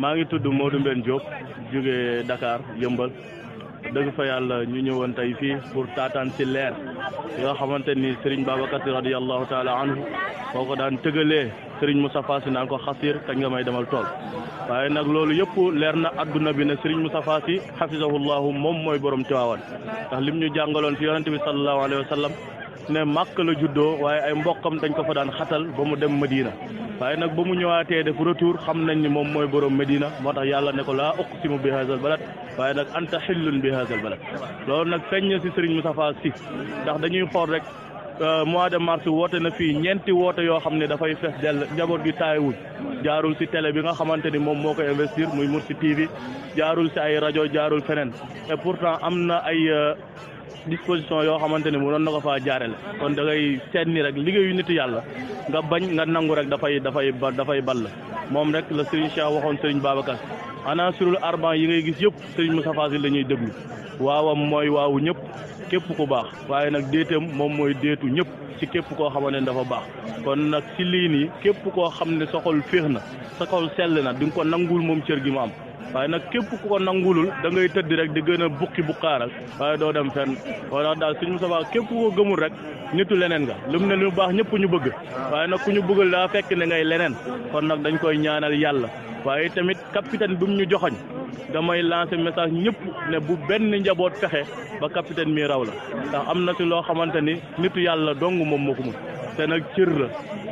maa ngi tudd Modou Mbène Diop jóge Dakar yëmbal dëgg fa yàlla ñu ñëwoon tey fii pour taataan si leer yi nga xamante ni Serigne Babacar radiallahu taala anhu foo ko daan tëgalee Serigne Moussa Fassi naan ko xasir kañ nga may demal tool waaye nag loolu yëpp leer na adduna bi ne Serigne Moussa Fassi xasisahullahu moom mooy borom tiwaawan ndax lim ñu jàngaloon fi yonente bi sallallahu alayhi wa sallam ne màkk la juddoo waaye ay mbokkam dañ ko fa daan xatal ba mu dem Medina waaye nag ba mu ñëwaatee def retour xam nañ ni moom mooy borom Medina moo tax yàlla ne ko laa uqsimu bi haazal balad waaye nag anta xillun bi haazal balad loolu nag feeñ na si Serigne Moustapha Sy ndax dañuy xool rek euh, mois de mars woote na fii ñeenti woote yoo xam ne dafay fees dell njaboot gi taayiwuñ jaarul si télé bi nga xamante ni moom moo ko investir muy Mursi TV jaarul si ay rajo jaarul feneen disposition yoo xamante ne mënoon na ko faa jaarale kon da ngay seet ni rek liggéeyu nitu yàlla nga bañ nga nangu rek dafay dafay dafay ball moom rek la Serigne Cheikh waxoon Serigne Babacar anaasirul arban yi ngay gis yëpp Serigne Moussa Fassil la ñuy déglu waawam mooy waawu ñëpp képp ku baax waaye nag déetam moom mooy déetu ñëpp ci képp koo xamante ne dafa baax kon nag si lii nii képp koo xam ne sa xol féex na sa xol sell na di ko nangul moom cër gi mu am waaye nag képp ku ko nangulul da ngay tëdd rek di gën a bukki bukkaaral waaye doo dem fenn moo tax daal suñu Moustapha képp ku ko gëmul rek nitu leneen nga lu mu ne lu baax ñëpp ñu bëgg waaye nag ku ñu bëggal daa fekk ne ngay leneen kon nag dañ koy ñaanal yàlla waaye tamit capitaine bu ñu joxoñ damay lancer message ñëpp ne bu benn njaboot fexe ba capitaine mi raw la ndax am na si loo xamante ni nitu yàlla dong moom moo ko mun te nag cër la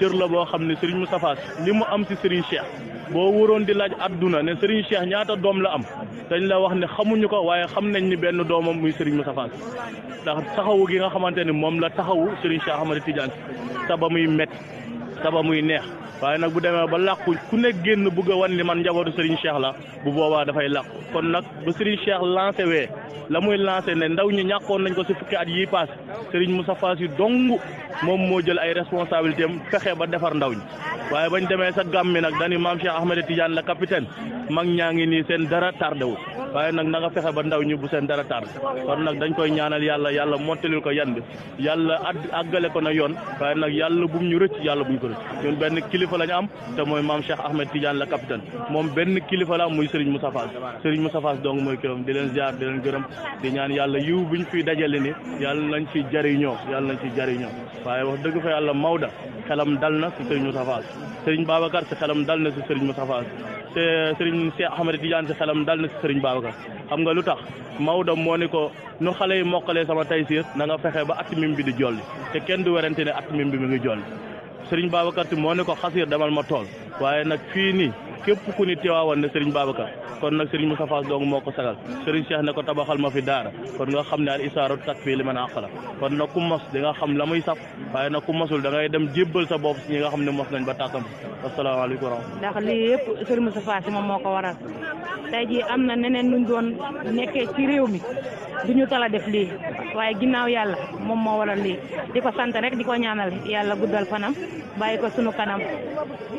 cër la boo xam ne Serigne Moustapha li mu am ci Serigne boo wóoroon di laaj adduna ne Serigne Cheikh ñaata doom la am dañ la wax ne xamuñu ko waaye xam nañ ni benn doomam muy Serigne Moussa Fall ndax taxawu gi nga xamante ni moom la taxawu Serigne Cheikh Ahmadou Tidiane sa ba muy métti sa ba muy neex waaye nag bu demee ba làqu ku ne génn bëgg a wan ni man njabootu Serigne Cheikh la bu boobaa dafay làqu kon nag Serigne Cheikh lancé wee la muy lancé ne ndaw ñi ñàkkoon nañ ko si fukki at yi paas Serigne Moussa Fall si moom moo jël ay responsabilités am fexe ba defar ndaw ñi. waaye bañ demee sa gàmm mi nag dañu maam Cheikh Ahmed Tidiane la capitaine mag ñaa ngi nii seen dara tardé wu waaye nag na a fexe ba ndaw ñi bu seen dara tardé kon nag dañ koy ñaanal yàlla yàlla mottalil ko yan bi yàlla ad àggale ko na yoon waaye nag yàlla bu ñu rëcc yàlla bu ko rëcc ñun benn kilifa lañu am te mooy maam Cheikh Ahmed Tidiane la capitaine moom benn kilifa la am muy Serigne Moussa Fass Serigne Moussa Fass donc mooy kiram di leen ziar di leen gërëm di yàlla yiw bu ñu fiy dajale ni yàlla nañ ci jariñoo yàlla nañ ci jariñoo waaye wax dëgg fa yàlla Maodo dal na si Serigne sëriñ Babacar sa xelam dal na si sëriñ Moustapha te sëriñ Cheikh Ahmed Tidiane sa xelam dal na si sëriñ Babacar xam nga lu tax Maodo moo ni ko nu xale yi mokkalee sama taysir na nga fexe ba at mim bi di jolli te kenn du werante ne at mim bi mi ngi jolli Serigne Babacar ti moo ne ko xasir demal ma tool waaye nag fii nii képp ku ni teewaawoon ne Serigne Babacar kon nag Serigne Moussa Fass dong moo ko sagal Serigne seex na ko tabaxal ma fi daara kon nga xam ne al isaaru tak fii li man àqala kon nag ku mos di nga xam la muy saf waaye nag ku mosul da ngay dem jébbal sa bopp si nga xam ne mos nañ ba tàkkam asalaamaaleykum wa rahmatulah. ndax lii yëpp Serigne Moussa Fass moom moo ko waral tey jii am na neneen nuñ doon nekkee ci mi waaye ginnaaw yàlla moom moo waral lii di ko sant rek di ko ñaanal yàlla guddal fanam bàyyi ko sunu kanam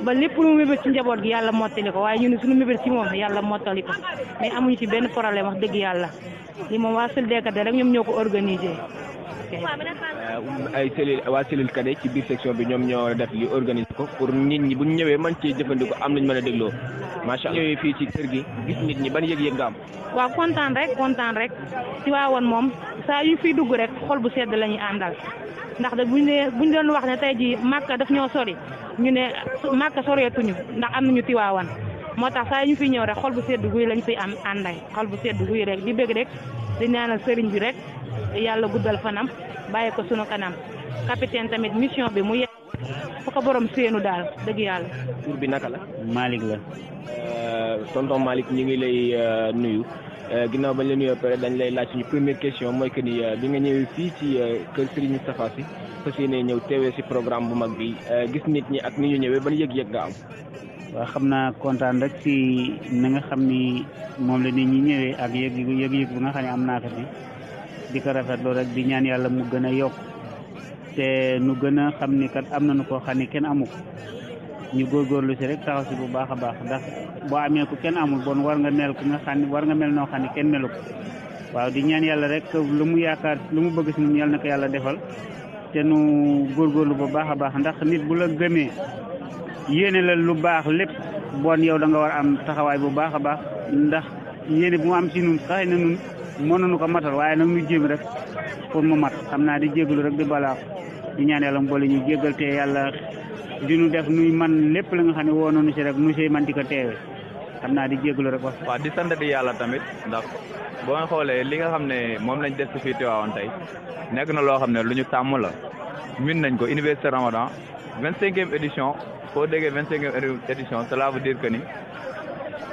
ba lépp lu mu mébét ci njaboot gi yàlla mottali ko waaye ñu ne sunu mébét si moom yàlla mottali ko mais amuñu ci benn problème wax dëgg yàlla li moom waa Sëldéekaté rek ñoom ñoo ko organisé Euh, um, ay cellule waa cellule cadet ci biir section bi ñoom ñoo war a def li organiser ko pour nit ñi bu ñu ñëwee man cee jëfandikoo am nañ mën a dégloo macha allah ñëwee fii ci kër gi nit ñi ban yëg-yëg nga am. waaw kontaan rek kontaan rek ci waawoon moom saa yu fiy dugg rek xol bu sedd lañuy ñuy àndal ndax de bu ñu nee bu ñu doon wax ne tey jii màkka daf ñoo sori ñu ne màkka soreetuñu ndax am nañu tiwaawan moo tax saa yu ñu fiy ñëw rek xol bu sedd guy lañ fiy am ànday xol bu sedd guy rek di bëgg rek di ñaanal sëriñ bi rek yàlla guddal fanam bàyyi ko sunu kanam capitaine tamit mission bi mu yegg fa ko borom seenu daal dëgg yàlla. tur bi naka la. Malick la. Euh, tonton Malick ñu ngi lay euh, nuyu euh, ginnaaw bañ la nuyoo pare dañ lay laaj suñu première question mooy que ni bi nga ñëwee fii ci kër Serigne Moustapha Sy fas yéene ñëw teewee si programme bu mag bi gis nit ñi ak ni ñu ñëwee ban yëg-yëg nga am. waa xam naa kontaan rek ci na nga xam ni moom la nit ñi ñëwee ak yëg yëg-yëg bi nga xam ne am naa ko fi di ko rafetlu rek di ñaan yàlla mu gën a yokk te nu gën a xam ni kat am nañu koo xam ni kenn amu ko ñu góorgóorlu si rek taxaw si bu baax a baax ndax boo amee ko kenn amul bon war nga mel ku nga xam war nga mel noo xam ne kenn melu ko waaw di ñaan yàlla rek lu mu yaakaar lu mu bëgg si ñun yàlla na ko yàlla defal te nu góorgóorlu bu baax a baax ndax yéene la lu baax lépp bon yow da nga war am taxawaay bu baax a baax ndax yéene bu mu am si nun xëy na nun mënuñu ko matal waaye nag ñu jéem rek pour mu mat xam naa di jégalu rek di balaax di ñaan yàlla mu boole ñu jégal te yàlla di nu def nuy man lépp la nga xam ne woo nañu si rek monsieur man di ko teewe xam naa di jégalu rek wax. waaw di sant di yàlla tamit ndax boo nga xoolee li nga xam ne moom lañ def fii Tivaouane tey nekk na loo xam ne lu ñu tàmm la min vingt cinquième édition foo déggee vingt cinquième édition cela veut dire que ni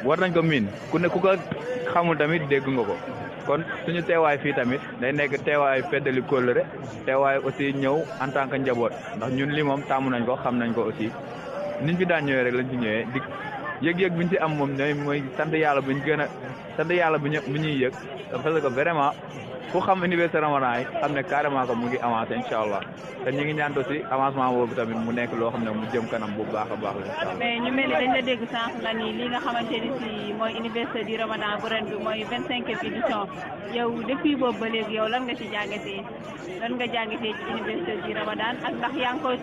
war nañ ko miin ku ne ku ko xamul tamit dégg nga ko kon suñu teewaay fii tamit day nekk teewaay feddali kóllëre teewaay aussi ñëw en tant que njaboot ndax ñun li moom tàmm nañ ko xam nañ ko aussi niñ fi daan ñëwee rek lañ ci ñëwee di yëg-yëg bi ñu ci am moom ñooy mooy sant yàlla bu gën a sant yàlla bu ñu bu ñuy yëg parce que vraiment ku xam université Ramadan yi xam ne carrément que mu ngi avancé incha allah. te ñu ngi ñaan aussi avancement boobu tamit mu nekk loo xam ne mu jëm kanam bu baax a baax la incha mais ñu mel ni dañ la dégg sànq nga ni li nga xamante ni si mooy université du Ramadan bu ren bi mooy vingt cinq édition depuis boobu ba léegi yow lan nga ci jàngatee lan nga jàngatee université du Ramadan ak ndax yaa ngi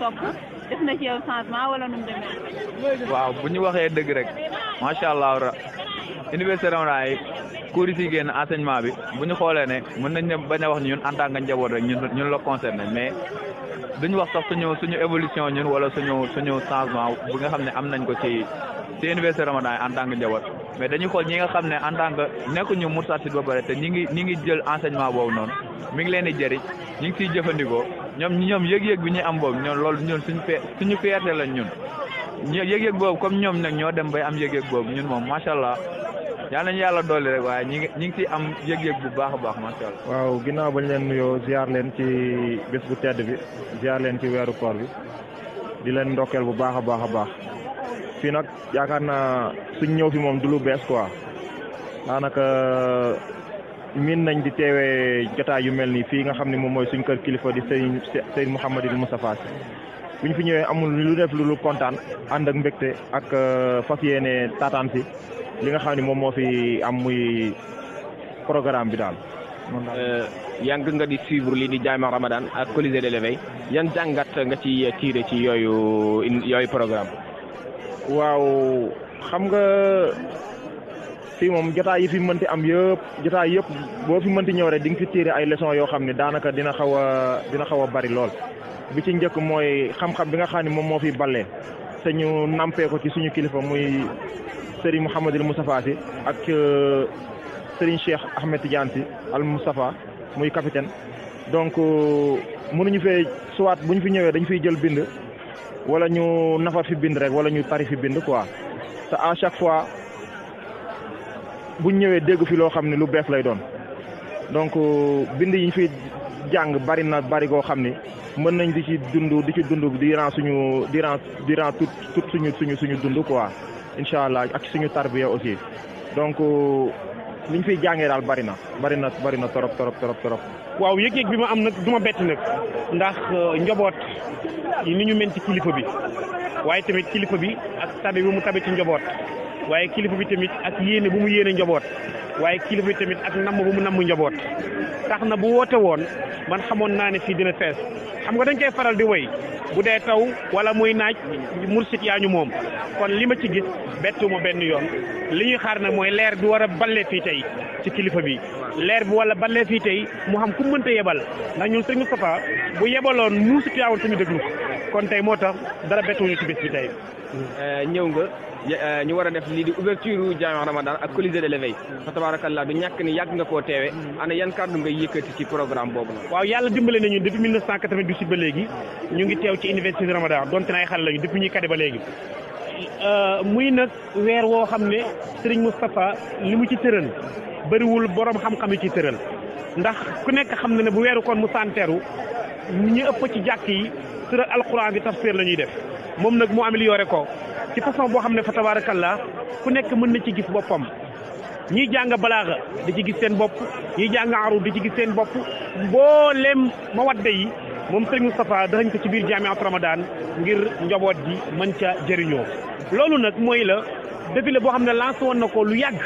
def na ci yow changement wala nu mu demee. waaw bu ñu waxee dëgg rek macha allah université Ramadan yi cours yi si génn bi bu ñu xoolee ne mën nañ ne bañ a wax ñun tant que njaboot rek ñun dañu wax sax suñu suñu évolution ñun wala suñu suñu changement bi nga xam ne am nañ ko ci ci université Ramadan en tant que njaboot mais dañuy xool ñi nga xam ne en tant que nekkuñu Moustarchidine ba pare te ñi ngi ñi ngi jël enseignement boobu noonu mi ngi leen di jëriñ ñi ngi ciy jëfandikoo ñoom ñoom yëg-yëg bi ñuy am boobu ñoom loolu ñun suñu suñu fierté lañ ñun yëg-yëg boobu comme ñoom nag ñoo dem bay am yëg-yëg boobu ñun moom macha allah yal nañu yàlla dolli rek waaye ñi ngi ñi ngi ciy am yëg-yëg bu baax a baax macha allah. waaw ginnaaw bañ leen nuyoo ziar leen ci bés bu tedd bi ziar leen ci weeru koor bi di leen ndokkeel bu baax a baax a baax fii nag yaakaar naa suñ ñëw fi moom du lu bees quoi daanaka miin nañ di teewee jotaay yu mel nii fii nga xam ne moom mooy suñ kër kilifa di sëriñ sëriñ Mouhamadil Moustapha Sy bu ñëwee amul lu def lu lu kontaan ànd ak mbégte ak fas yéene taataan si. li nga xam ne moom moo fi am muy programme bi daal. Euh, yàgg nga di suivre lii di Jaama Ramadan ak Colisée de l'éveil yan jàngat nga ci tiire ci yooyu yooyu programme. waaw xam nga fii moom jotaay yi fi mënti am yëpp jotaay yëpp boo fi mënti ñëw rek di nga tiire ay leçons yoo xam ne daanaka dina xaw a dina xaw a bari lool. bi ci njëkk mooy xam-xam bi nga xam ne moom moo fi bale te ñu nampee ko ci suñu kilifa muy Serigne Mouhamadul Moustapha si ak euh, Serigne Cheikh Ahmed Tidiane al Moustapha muy capitaine donc euh, mënuñu fee soit bu ñu fi ñëwee dañu fiy jël bind wala ñu nafar fi bind rek wala ñu tari fi bind quoi te à chaque fois buñ ñëwee dégg fi loo xam ne lu bees lay doon donc euh, bind ñu fi jàng bari na bari goo xam ni mën nañ di ci dund di ci dund durant suñu durant durant tout suñu suñu suñu dund quoi incha allah ak suñu tarbiya aussi donc li ñu fiy jàngee daal bari na bari na bari na torop torop torop waaw yëg-yëg bi ma am nag du ma bett nag ndax euh, njaboot yi ni ñu mel kilifa bi waaye tamit kilifa bi ak tabe bi mu tabe ci njaboot waaye kilifa bi tamit ak yéene bu mu yéene njaboot waaye kilifa bi tamit ak namm bu mu namm njaboot tax na bu woote woon man xamoon naa ne fii dina fees xam nga dañ koy faral di woy bu dee taw wala muy naaj mursit yaa moom kon li ma ci gis ma benn yoon li ñuy xaar nag mooy leer bi war a balle fii tey ci kilifa bi leer bi wala balle fii tey mu xam ku mënta yebal ndax ñun sëñ Moustapha bu yebaloon mursit yaa suñu déglu kon tey moo tax dara bettuñu ci bis bi tey euh, ñëw nga Euh, ñu war a def lii di ouverture jaami ramadan ak colisée de l'éveil fa tabarakallah du ñàkk ni yàgg nga ko teewe ana yan kàddu nga yëkkati ci programme boobu na waaw yàlla dimbale nañu depuis 1998 ba léegi ñu ngi teew ci université de ramadan donte na ay lañu depuis ñuy kade ba léegi euh, muy nag weer woo xam ne sëriñ Moustapha li mu ci tëral bëriwul boroom xam-xam yi ci tëral ndax ku nekk xam na ne bu weeru kon mu santeeru ñu ëpp ci jàkk yi tëral alquran bi tafsir la ñuy def moom nag mu amélioré ko ci façon boo xam ne fa tabaarakallaa fu nekk mën na ci gis boppam ñiy jàng balaaga di ci gis seen bopp ñiy jàng aru di ci gis seen bopp mboolem mawadde yi moom sëñ Moustapha danañ ko ci biir jaamiatu Ramadan ngir njaboot ji mën ca jëriñoo loolu nag mooy la défilé boo xam ne lancé woon na ko lu yàgg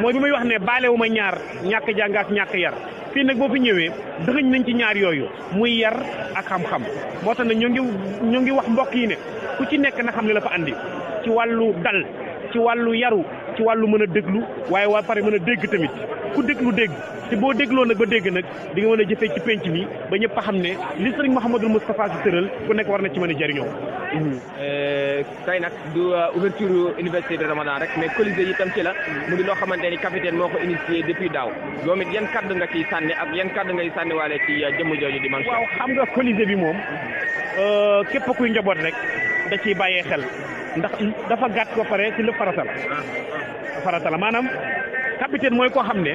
mooy bi may wax ne baale wu ma ñaar ñàkk jàng ñàkk yar fii nag boo fi ñëwee dëxëñ nañ ci ñaar yooyu muy yar ak xam-xam moo tax na ñoo ngi ñoo ngi wax mbokk yi ne ku ci nekk na xam ne la fa andi ci wàllu dal ci wàllu yaru ci wàllu mën a déglu waaye waa pare mën a dégg tamit ku déglu dégg te boo dégloo nag ba dégg nag di nga mën a jëfee ci penc ba ñëpp xam ne li sëriñ Mouhamadul Moustapha si tëral ku nekk war na ci mën a jëriñoo. Mhm. Euh, tey nag du euh, ouverture université de Ramadan rek mais colisée yi itam la loo xamante ni capitaine moo ko initié depuis daaw yow it yan kaddu nga ciy sànni ak yan kaddu ngay sànniwaale ci euh, jëmm jooju di man waaw xam nga colisée bi moom képp kuy njaboot rek da ciy bàyyee xel. ndax dafa gàtt ba pare ci lépp farata la farata la maanaam capitaine mooy koo xam ne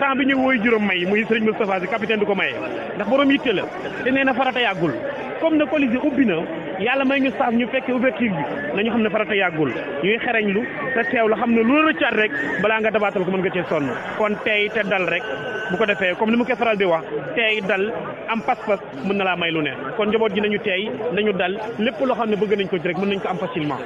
temps bi ñu woy juróom may muy sëriñ Moustapha si capitaine du ko maye ndax borom yitte la te nee na farata yàggul comme na collège ubbi na yàlla may ñu saaf ñu fekkee ouverture bi nañu xam ne farata yàggul ñuy xereñ lu te teew la xam ne lu rëccaat rek balaa nga dabaatal ko mën nga cee sonn kon tey te dal rek bu ko defee comme ni mu koy faral di wax tey dal am pas-pas mën na laa may lu ne kon njaboot ji nañu tey nañu dal lépp loo xam ne bëgg nañ ko ci rek mën nañ ko am facilement